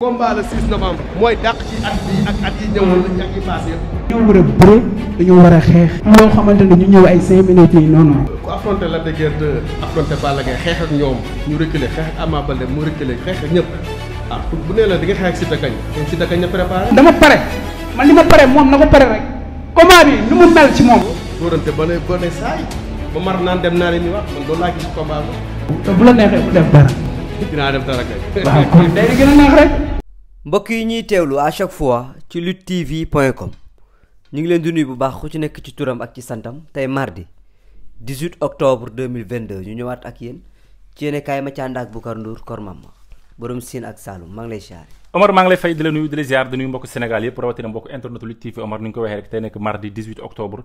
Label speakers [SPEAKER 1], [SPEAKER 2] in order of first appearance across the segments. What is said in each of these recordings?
[SPEAKER 1] combat le 6 mooy dàq ci at bi ak at yi ñëwoon la
[SPEAKER 2] war a a xeex loo xamante ne ñu ñëw ay cinq minutes yi noonu
[SPEAKER 1] ku affronté Lac de Guiers 2 affronté Balla Gaye xeex ak ñoom ñu reculer xeex ak Ama Baldé mu reculer xeex ak ñëpp ah bu nee dama pare man li ma pare moom na ko pare rek combat bi nu mu mel ci moom dóorante ba ne ba ne saay ba mar naan dem naa leen ni wax man loolu laa gis bu la neexee bu def dara dinaa def dara kay waaw kon day gën a neex rek mbokk yi ñuy teewlu à chaque fois ci luttetv.com ñu ngi leen di nuyu bu baax ku ci nekk ci turam ak ci santam tey mardi 18 octobre 2022 ñu ak yéen ci yéen kaay ma ca ak Boucar Ndour Kor Mama borom Sine ak Saloum maa
[SPEAKER 2] Omar maa di la nuyu di la ziar mbokk Sénégal yëpp rawatina mbokk internet Lutte TV Omar ni ñu ko waxee rek tey nekk mardi 18 octobre.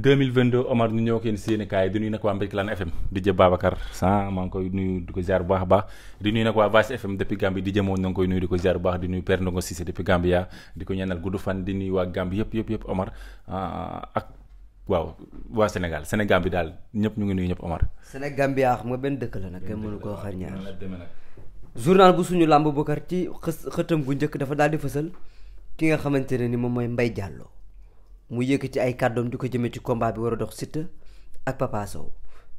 [SPEAKER 2] 2022 Omar ñu ñëw kenn si yéen kaay di nuyu nag waa Mbirkelane FM di jë Babacar san maa ngi koy nuyu di ko ziar bu baax a baax di nuyu nag waa Vache FM depuis Gambie di jëmoon na ngi koy nuyu di ko ziar bu baax di nuyu Père Ndongo Cissé depuis Gambia di ko ñaanal gudd fan di nuyu waa Gambie yëpp yëpp yëpp Omar ah, ak waaw waa Sénégal Sénégal bi daal ñëpp ñu ngi nuyu ñëpp Omar.
[SPEAKER 1] Sénégal bi xam ah, nga benn dëkk la nag kenn mënu koo xar ah. ñaar journal bu suñu làmb Bokar ci xës xëtam gu njëkk dafa daal di fësal ki nga xamante ne ni moom mooy Mbaye mu ci ay kàddoom di ko jëmee ci combat bi war a dox Siteu ak Papa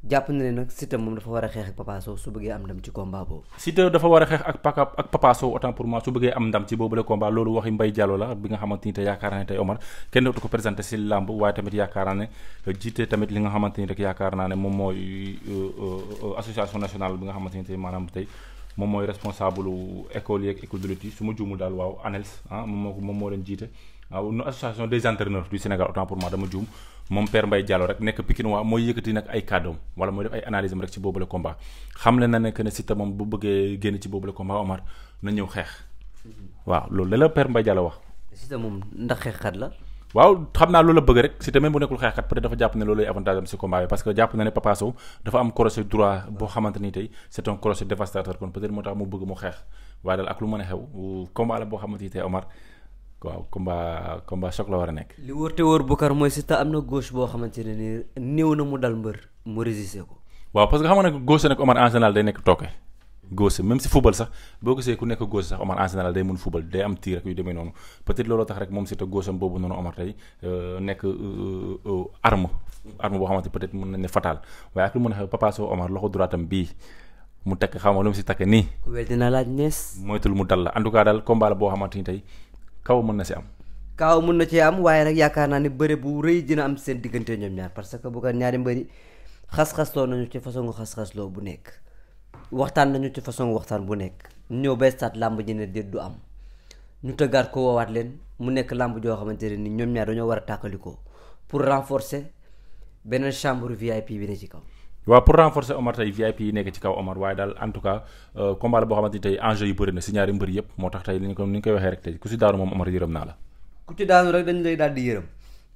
[SPEAKER 1] jàpp na ne nag Siteu moom dafa war a xeex ak Papa su bëggee am ndam ci combat boobu.
[SPEAKER 2] Siteu dafa war a xeex ak Paka ak Papa Sow autant pour moi su bëggee am ndam ci boobule combat loolu waxi mbay Diallo la bi nga xamante ni te yaakaar naa ne tey Omar kenn dootu ko présenté si làmb waaye tamit yaakaar naa ne jiite tamit li nga xamante ni rek yaakaar naa ne moom mooy euh, euh, association nationale bi nga xamante ni maanaam tey. moom mooy responsable école yeeg école su ma juumul daal waaw ANELS ah moom moom moo leen jiite waaw no association des entraîneurs du Sénégal autant pour moi dama juum moom Père Mbaye Diallo rek nekk Pikine mooy yëkkati nag ay kàddoom wala mooy def ay analyse am rek ci boobule combat xam le combat Omar na ñëw xeex mhm. waaw loolu la la Père Mbaye Diallo wax. Siteu moom ndax xeexkat la. waaw xam naa loolu la bëgg rek Siteu même bu nekkul xeexkat peut-être dafa jàpp ne loolu lay si combat bi parce que jàpp na ne Papa Sow dafa am crochet droit boo xamante ni tey c'est un crochet a boo xamante ni waaw combat combat choc la war a nekk.
[SPEAKER 1] li wóor te wóor Boucar mooy Siteu am na gauche boo xamante ne nii néew na mu dal mbër mu résister ko.
[SPEAKER 2] waaw parce que xam nga nag gauche nag Omar en général day nekk tooke. si boo gisee ku nekk gauche sax Omar en général day mun football day am tir ak yu demee noonu peut-être looloo tax rek moom Siteu gauche am fatal waaye ak lu a loxo droitam bii. mu takk xam nga lu mu si takk nii. ku wel dina laaj nees. moytul mu dal la en tout cas daal combat la boo xamante ni tey kaw mën na si am.
[SPEAKER 1] kaw mën na ci am waaye rek yaakaar naa ne bëre bu rëy dina am seen diggante ñoom ñaar parce que bugga ñaari mbëri xas-xasloo nañu ci façon xas-xasloo bu nekk waxtaan nañu ci façon waxtaan bu nekk ñëw ba stade làmb ji ne du am ñu tëggaat ko woowaat leen mu nekk làmb joo xamante ne ni ñoom ñaar dañoo war a tàkkalikoo pour renforcer beneen chambre VIP bi ne ci kaw. waa pour renforcer Omar tey
[SPEAKER 2] VIP yi nekk ci kaw Omar waaye daal en tout cas euh, combat la boo xamante ni tey enjeu yu bëri na si ñaari mbër yëpp moo tax tey li ko ni koy waxee rek tey ku si daanu moom Omar yërëm naa la
[SPEAKER 1] ku ci daanu rek dañu lay daal yërëm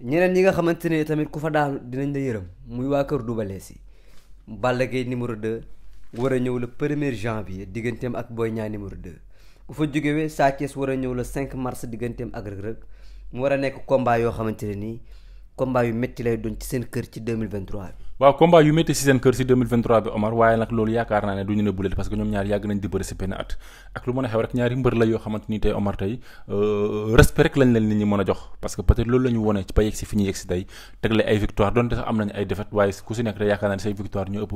[SPEAKER 1] ñeneen ñi nga xamante ne tamit ku fa daanu dinañ la yërëm muy waa kër Double Less yi Balla Gaye numéro 2 war a ñëw le premier janvier digganteem ak booy Niang numéro de bu fa jógewee Sa Thiès war a ñëw le 5 mars digganteem ak Reug mu war a nekk combat yoo xamante ne nii combat yu métti lay doon ci seen kër ci
[SPEAKER 2] waaw combat yu métti si seen kër si 2023 bi Omar waaye bulet parce que ñoom ñaar yàgg nañ di bëri si benn at ak lu mën a xew rek ñaari mbër la yoo xamante tey Omar tey euh, a waaye ku si nekk tey yaakaar naa ne say victoire ñu ëpp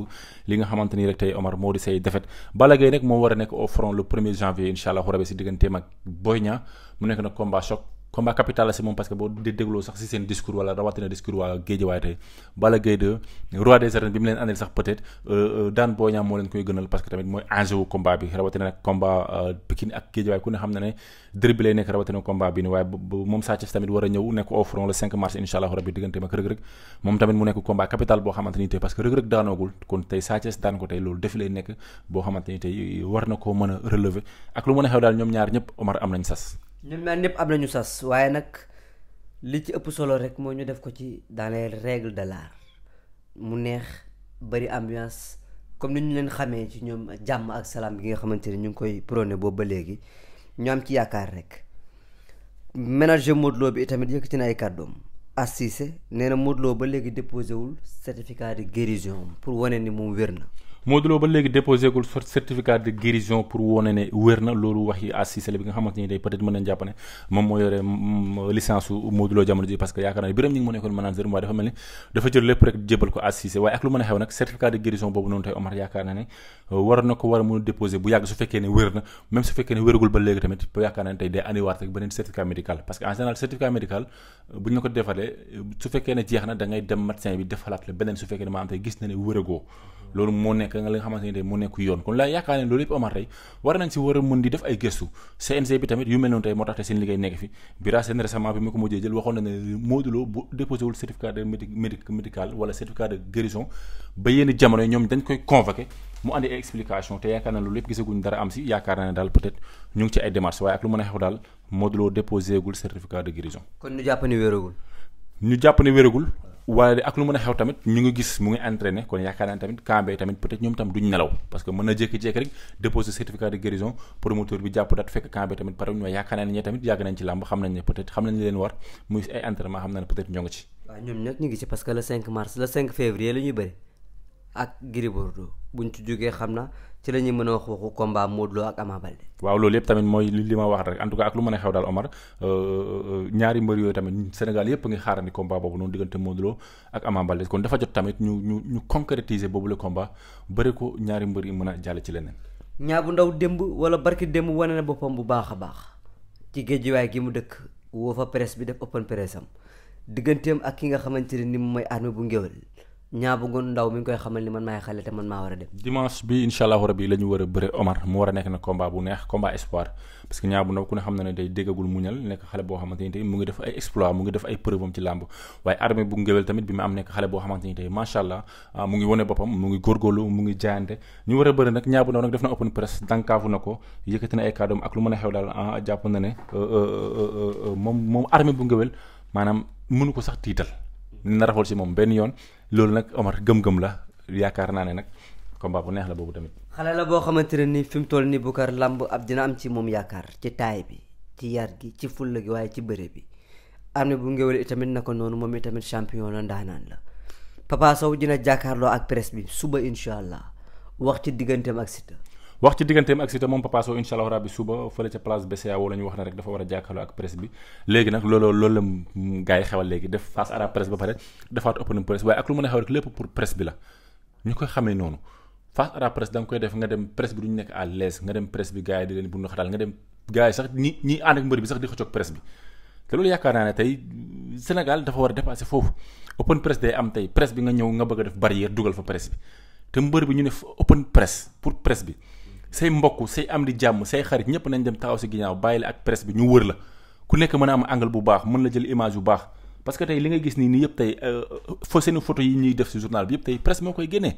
[SPEAKER 2] li nga xamante rek tey Omar moo di say défaite Balla Gaye moo war a nekk au front le janvier incha allah rabi si digganteem ak Boy Niang mu nekk nag combat choc combat capital la si moom parce que boo di dégloo sax si seen discours wala rawatina discours waa Guédiawaye tey Balla Gaye roi des arènes bi mu leen andil sax peut euh, euh, daan Boy moo leen koy gënal parce que tamit mooy enjeu wu combat bi rawatina euh, na ne derby bi lay nekk rawatina combat bi ni waaye moom Sa tamit war a ñëw nekk au front le 5 mars incha allah rabbi digganteem ak rëg-rëg moom tamit mu nekk combat capital boo xamante ni tey parce que rëg-rëg daanoogul a relever ak lu mën a xew ñaar ñëpp Omar am nañ sas
[SPEAKER 1] ñu naan ñëpp am nañu sas waaye nag li ci ëpp solo rek moo ñu def ko ci dans les règles de l'art mu neex bari ambiance comme ni ñu leen xamee ci ñoom jàmm ak salaam bi nga xamante ni ñu ngi koy prôné boobu ba léegi ñu am ci yaakaar rek ménager Modou Lo bi itamit yëkkati na ay kàddoom assise nee na Modou ba léegi déposé wul certificat de guérison pour wane ni moom wér na
[SPEAKER 2] Modou Lo ba léegi déposé gul certificat de guérison pour wone ne wér na loolu wax yi Assis Sele bi nga xamante ni day peut-être mën nañ jàpp ne moom yore mm, licence su jamono ji parce que yaakaar naa ne Birame ñi ngi mu nekkoon manager waaye dafa mel ni a xew de guérison boobu noonu tey ne euh, war na ko war a mën a déposé bu yàgg su fekkee ne wér na même su fekkee ne wéragul ba léegi tamit yaakaar naa ne tey day andiwaat rek beneen certificat médical parce que en général médical euh, bu ñu la ko defalee euh, su fekkee ne jeex na da ngay loolu moo nekk nga li nga xamante ne tey moo nekk yoon kon laa yaakaar ne loolu yëpp Omar tey war nañ si war a mën di def ay gëstu CNG bi tamit yu mel noonu tey moo tax te seen liggéey nekk fi bira seen récemment bi mu ko mujjee jël waxoon na ne Modou Lo bu déposé certificat de médical wala certificat de guérison ba yenn jamono ñoom dañ koy convoqué mu andi ay explication te yaakaar na loolu yëpp gisaguñ dara am si yaakaar na ne daal a xew daal Modou Lo déposé gul certificat de guérison kon ñu waaye ak lu mën a xew tamit ñu ngi gis mu ngi entraîné kon yaakaar naa tamit cambe tamit peut-être ñoom tam duñ nelaw parce que mën na jékki-jékki rek déposer certificat de guérison promoteur bi jàpp dat fekk cambe tamit pare ñu yaakaar naa ñee tamit yàgg nañ ci làmb xam nañ ne peut xam nañ leen war muy ay entraînement xam naa ne ñoo ngi ci
[SPEAKER 1] waaw ñoom nag ngi ci parce que le 5 mars le 5 février la ñuy ak Gris Bordeaux buñ xam na ci la ñuy mën a wax waxu combat Modou Lo ak Ama Baldé
[SPEAKER 2] waaw loolu yëpp tamit mooy li ma wax rek en tout cas ak lu mën a xew daal Omar euh, euh, ñaari mbër yooyu tamit Sénégal yëpp ngi xaarandi combat boobu noonu diggante Modou Lo ak Ama Baldé kon dafa jot tamit ñu ñu ñu concrétiser boobu la komba bari ko ñaari mbër yi mën a jàll ci leneen.
[SPEAKER 1] ñaar bu ndaw démb wala barki démb wane na boppam bu baax a baax ci géejuwaay gi mu dëkk woo fa presse bi def open presse am ak ki nga xamante ne ni mooy armée bu ngéwél ñaa bëggoon ndaw mi ngi koy xamal ni man maay xale te man maa war a dem.
[SPEAKER 2] dimanche bi incha allahu rabi la ñu war a bëre Omar mu war a nekk na combat bu neex combat espoir parce que ñaa ndaw ku ne xam ne day déggagul muñal nekk xale boo xamante tey mu ngi def ay exploit mu ngi def ay preuve am ci làmb waaye armée bu ngéwél tamit bi mu am nekk xale boo xamante ni tey macha allah ah, mu ngi wone boppam mu ngi góorgóorlu mu ngi jaayante ñu war a bëri nag ñaa bu ko yëkkati na ay kàddoom ak lu a xew daal ah, euh, euh, euh, moom moom bu ngéwél maanaam mënu ko sax tiital dina rafetlu si moom benn yoon loolu nag Omar gëm-gëm la yaakaar naa ne nag combat bu neex la boobu tamit.
[SPEAKER 1] xale la boo xamante ne nii fi mu toll nii Boucar làmb ab dina am ci moom yaakaar ci taay bi ci yar gi ci fulla gi waaye ci bëre bi am na bu ngéwél itamit ko noonu moom itamit champion la ndaanaan la Papa Sow dina jàkkaarloo ak presse bi suba incha allah
[SPEAKER 2] wax ci digganteem ak Siteu. wax ci digganteem ak Siteu moom Papa Sow incha allah rabbi suba fële ca place BCEAO la ñu wax ne rek dafa war a jàkkaarloo ak presse bi léegi nag looloo loolu la gars xewal léegi def face à la ba pare defaat open presse waaye ak lu mën a xew rek pour presse bi la ñu koy xamee noonu face à la presse koy def nga dem presse bi duñu nekk à l'aise nga dem presse bi gars yi di leen bundu xataal nga dem gars sax ñi ñi ànd ak mbër bi sax di dafa war a dépasser foofu open presse am tey presse bi nga ñëw nga bëgg def barrière dugal fa presse bi te mbër bi ñu ne open presse say mbokk say am di jàmm say xarit ñëpp nañ dem taxaw si ginnaaw bàyyi la ak presse bi ñu wër la ku nekk mën a am angle bu baax mën la jël image bu baax parce que tey li nga gis nii nii yëpp tey euh, fa seen photo yi ñuy def si journal bi yëpp tey presse moo koy génnee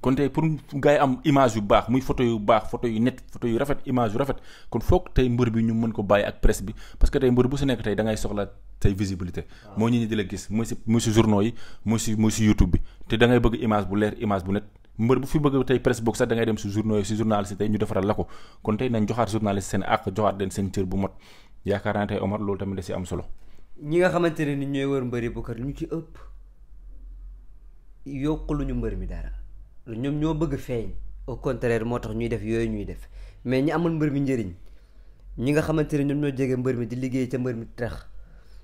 [SPEAKER 2] kon pour gars yi am image yu baax muy photo yu baax photo yu net photo yu rafet image rafet kon foog tey mbër bi ñu mën ko bàyyi ak presse bi parce que tey mbër bu si nekk tey da ngay soxla tey visibilité moo ñu ñi di la gis muy si si journaux yi muy si muy si YouTube bi te da ngay bëgg image bu leer image bu net mbër bu fi bëgg tey presse book sax da dem si journaux si journaliste yi tey ñu defaral la ko kon tey nañ joxaat journaliste seen àq joxaat leen seen cër bu mot yaakaar naa tey Omar loolu tamit da si am solo.
[SPEAKER 1] ñi nga xamante ne ni ñooy wër mbëri Boucar ñu ci ëpp yokku lu ñu mbër mi dara ñoom ñoo bëgg feeñ au moo tax ñuy def yooyu ñuy def mais ñi amul mbër mi njëriñ ñi nga xamante ne ñoom ñoo jege mbër mi di liggéey ca mbër mi tax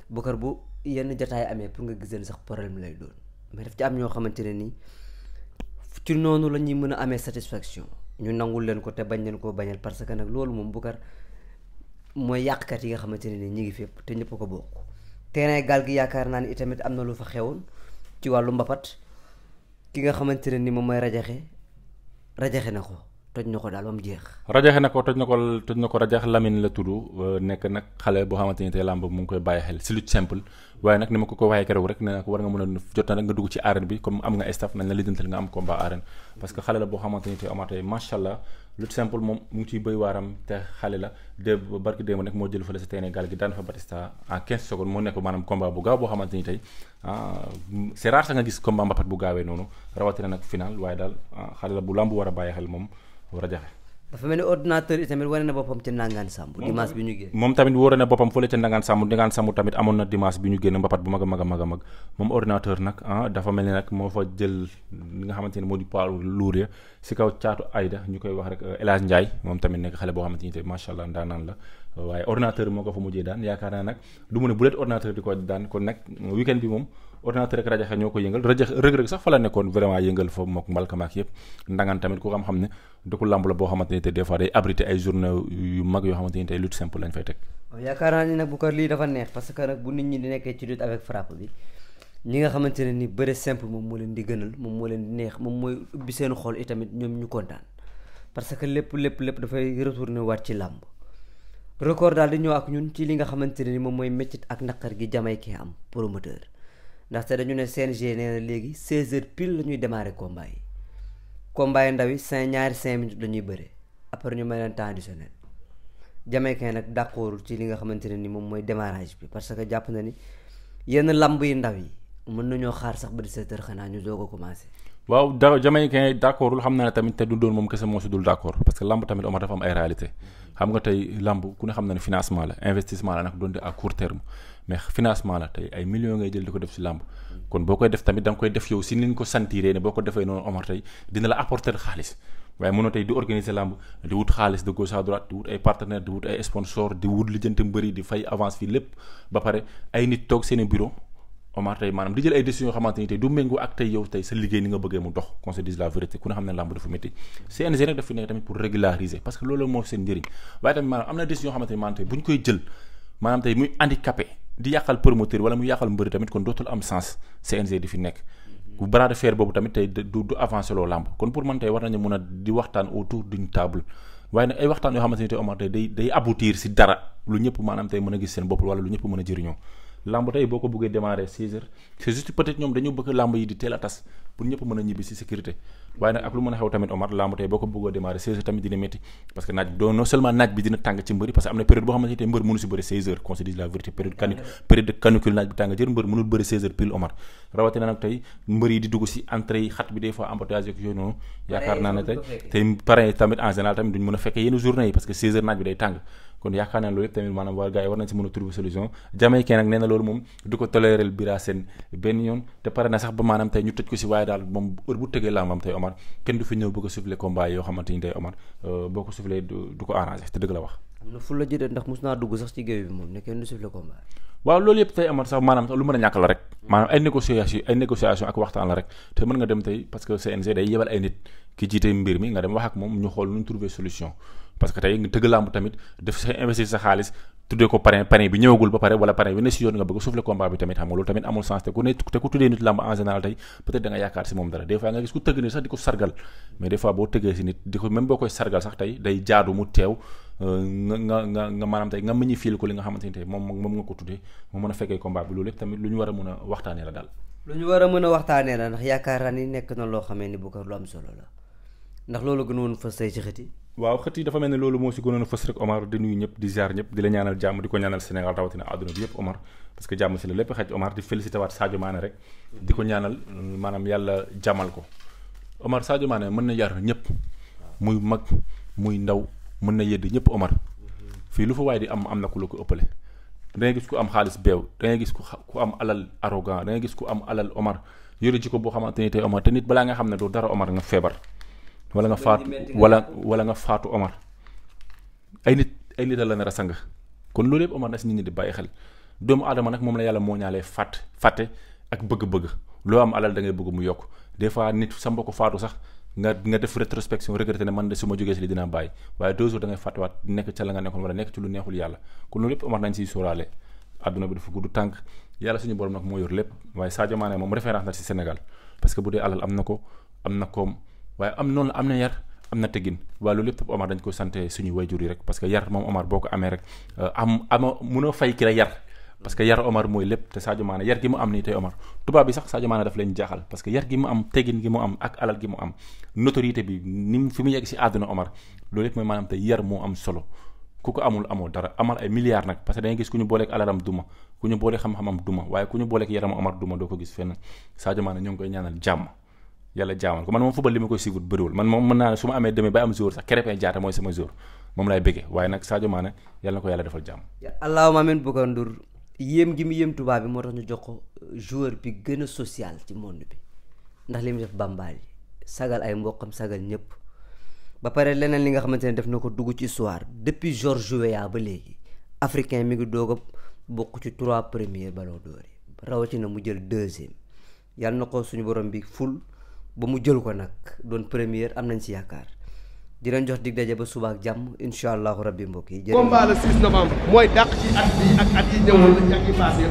[SPEAKER 1] Boucar bu yenn jataay amee pour nga gis sax problème lay doon mais am ñoo xamante ne nii ci noonu la ñuy mën a amee satisfaction ñu nangul leen ko te bañ leen koo bañal parce que nag loolu moom Boucar mooy yàqkat yi nga xamante ne ni ñi ngi fépp te ñëpp ko bokk. terrain gaal gi yaakaar naa ni itamit am na lu fa xewoon ci wàllu mbapat ki nga xamante ne ni moom mooy rajaxe rajaxe na ko toj na ko daal ba mu jeex.
[SPEAKER 2] rajaxe na ko toj na ko toj na ko rajax Lamine la tudd nekk nag xale boo xamante ni tey làmb mu ngi koy bàyyi xel si lutte simple. waaye nag ni ma ko ko waxee keroog rek nee naa ko war nga mën a jot na rek nga dugg ci arène bi comme am nga staff nañ la lijjantal nga am combat arène parce que xale la boo xamante ni tey amaat moom mu ngi ciy la moo jël fële sa teenee gi daan fa Batista en moo nekk maanaam combat bu gaaw boo xamante ni tey ah, c'est nga gis combat mbapat bu gaawee noonu rawatina nag final waaye daal ah, xale la bu làmb war a bàyyi xel moom war a jaxe
[SPEAKER 1] dafa mel ni ordinateur yi tamit wane na boppam ci Ndangaan Samb dimanche bi ñu
[SPEAKER 2] génn moom tamit wóore na boppam fële ca Ndangaan Samb Ndangaan na dimanche bi ñu génn mbapat bu mag a mag a mag moom ordinateur nag ah, dafa mel ni nag nga xamante ne moo di poids lourd ya si kaw caatu ñu koy wax rek El Hadj Ndiaye moom tamit nekk xale boo xam ne ni te macha allah ndaanaan la waaye ordinateur moo ko fa mujjee daan yaakaar naa nag du mu ne bu leet ordinateur di ko daan kon nag weekend bi moom ordinateur ak rajaxe ñoo ko yëngal rëg-rëg sax fa la nekkoon dëkku làmb la boo xamante ni te des fois day abrité ay journée yu mag yoo xamante ni tey lutte simple lañ
[SPEAKER 1] fay teg. yaakaar naa ni nag bu ko lii dafa neex parce que nag bu nit ñi di nekkee ci lutte avec frappe bi ñi nga xamante ne ni bëre semple moom moo leen di gënal moom moo leen di neex moom mooy ubbi seen xol itamit ñoom ñu kontaan parce que lépp lépp lépp dafay retourné waat ci làmb record daal di ñëw ak ñun ci li nga xamante ne ni moom mooy métit ak naqar gi jamay kee am promoteur ndaxte dañu ne CNG nee na léegi 16 heures pile la ñuy démarrer combat yi. combat yu ndaw yi cinq ñaari cinq minutes dañuy bëre après ñu may leen temps additionnel Jamaïcain nag d'accord ci li nga xamante ne ni moom mooy démarrage bi parce que jàpp na ni yenn lamb yu ndaw yi mën nañoo xaar sax ba 17 heures xanaa ñu doo a commencé.
[SPEAKER 2] waaw da jamaïcain d' accordul xam na ne tamit te du doon moom kese moo si dul d' accord parce que lamb tamit Omar dafa am ay réalité xam nga tey lamb ku ne xam na ne financement la investissement la nag doon di à court terme mais financement la tey ay millions ngay jël di ko def si lamb kon boo koy def tamit da nga koy def yow si ni ko sentiree ne boo ko defee noonu Omar tey dina la apporter xaalis waaye mënoo tey di organiser lamb di wut xaalis de gauche à droite di wut ay partenaires di wut ay sponsor di di fay avance lépp ba pare ay nit toog seen bureau Omar tey maanaam di jël ay décisions yoo xamante ni tey du méngoo ak tey yow tey sa liggéey ni nga bëggee mu dox qu'on se dise la vérité ku ne xam yoo xamante ni maanaam bu ñu koy jël maanaam kon dootul am sens CNG di fi nekk a di yoo xamante ni tey Omar tey day day si dara lu ñëpp maanaam tey mën a gis seen bopp wala lu ñëpp mën a jëriñoo lamb tey boo ko bëggee démarrer 6 heures c'est juste ñoom dañu bëgg lamb yi di teel a pour ñëpp mën a ñibbi si sécurité waaye nag ak lu mën a xew tamit Omar lamb tey boo ko bëggoo démarrer 16 tamit ah di dugg mën a fekkee yenn journée yi parce que 16 naaj bi day tàng kon yaakaar naa loolu yëpp tamit maanaam war gars yi war nañ si mën a trouver solution jamaïcain nag nee na loolu moom du ko tolérel Bira Sène benn yoon te pare na sax ba maanaam tey ñu tëj ko si waaye daal moom heure bu tëggee làmbam tey Omar kenn du fi ñëw bëgg a soufflé combat yoo xamante ni tey Omar euh, boo ko soufflé du ko arrangé te dëgg la wax
[SPEAKER 1] am na fu la jëlee ndax mos naa dugg sax ci géew bi moom ne kenn du soufflé combat
[SPEAKER 2] waaw loolu yëpp a waxtaan la rek te mën nga dem parce que CNG day yebal mbir mi nga dem wax ak moom xool nu ñu trouver parce que tey nga tëgg làmb tamit def sa investir sa xaalis tuddee ko parrain parrain bi ñëwagul ba pare wala parrain bi ne si yoon nga bëgg a souffler a a mën a la a
[SPEAKER 1] mën a waxtaanee la ndax yaakaar naa loolu gën woon fës tey ci xëti
[SPEAKER 2] waaw xët yi dafa mel ne loolu moo si gënoon a fës rek Omar di nuyu ñëpp di ziar ñëpp di la ñaanal jàmm di ko ñaanal Sénégal rawatina àdduna bi yëpp Omar parce que jàmm si la lépp xaj Omar di félicité waat rek di ko ñaanal maanaam yàlla jàmmal ko Omar Sadio Mané mën na yar ñëpp muy mag muy ndaw mën na yedd ñëpp Omar fii lu fa waaye di am am na ku la ko ëppale da ngay gis ku am xaalis beew da gis ku ku am alal arrogant da gis ku am ala Omar yore ko boo xamante ni te nit balaa nga xam ne doo dara Omar nga feebar wala nga faatu wala wala nga faatu Omar ay nit ay nit la nar a sang kon loolu yëpp Omar na si nit ñi di bàyyi xel doomu aadama nag moom la yàlla moo ñaalee fàtt fàtte ak bëgg-bëgg loo am alal da ngay bëgg mu yokk des fois nit sa mbokk faatu sax nga nga def rétrospection regretté ne man de su ma jógee si li dinaa bàyyi waaye deux jours da ngay fàttewaat nekk ca la nga nekkoon wala nekk ci lu neexul yàlla kon loolu yëpp Omar nañ siy sóoraale àdduna bi dafa yàlla suñu borom nag moo yor lépp waaye Sadio Mané moom référence na si Sénégal que bu dee alal am na ko am na koom waaye am noonu am na yar am na teggin waaye loolu lépp Omar dañ ko sant suñu wayjur yi rek parce que yar moom Omar boo ko amee rek euh, am ama munoo fay ki la yar parce yar mooy lépp te Sadio Mané yar gi mu am nii tey Omar bi sax Sadio Mané daf leen jaaxal parce que yar gi mu am teggin gi mu am ak alal gi mu am notoriété bi ni fi mu yegg si àdduna Omar loolu lépp mooy maanaam tey yar moo am solo ku ko amul amoo dara amal ay milliards nag parce que da ngay gis ku ñu booleeg alalam duma ku ñu booleeg xam-xamam duma waaye ku ñu booleeg yaram Omar duma doo ñoo ngi koy ñaanal jàmm yàlla jaamal ko man moom football li ma koy suivre bëriwul man moom mën naa ne su ma amee demee ba am jour sax Krépin Diatta mooy sama jour moom laay bëggee waaye nag Sadio Mané yàlla na ko yàlla defal
[SPEAKER 1] jàmm. moo tax ñu jox ko euh, joueur bi gën a social ci monde bi ndax li mu def bambaali sagal ay mboqam sagal ñëpp ba pare leneen li nga xamante ne def na ko dugg ci histoire depuis George Weah ba léegi mi ngi doog a bokk ci trois premiers ballons d'or rawatina mu jël deuxième yàlla na ko suñu borom bi ful. ba mu jël ko nag doon première am nañ si yaakaar di leen jox dig daje ba suba jàmm incha allahu rabbi mbokk yi. jërëjëf combat le ci at bi ak at yi ñëwoon la ñu passé.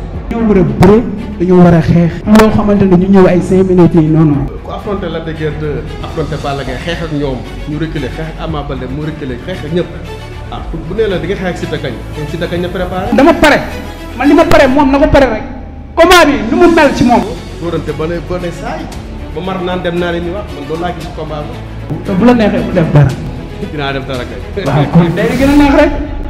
[SPEAKER 2] a a xeex. loo xamante ne ñu ñëw ay 5 yi noonu.
[SPEAKER 1] ku affronté xeex ak ñoom ñu reculé xeex ak Ama Baldé mu reculé xeex ñëpp ah bu nee la di xeex ak Siteu kañ. kon dama pare li ma pare moom na ko pare rek combat bi nu mu mel ci moom. dóorante ba ba ne saay. ba mar naan dem naa leen di wax man loolu laa gis combat ba. te bu la neexee bu def dara. dinaa def dara kay. waaw kon day gën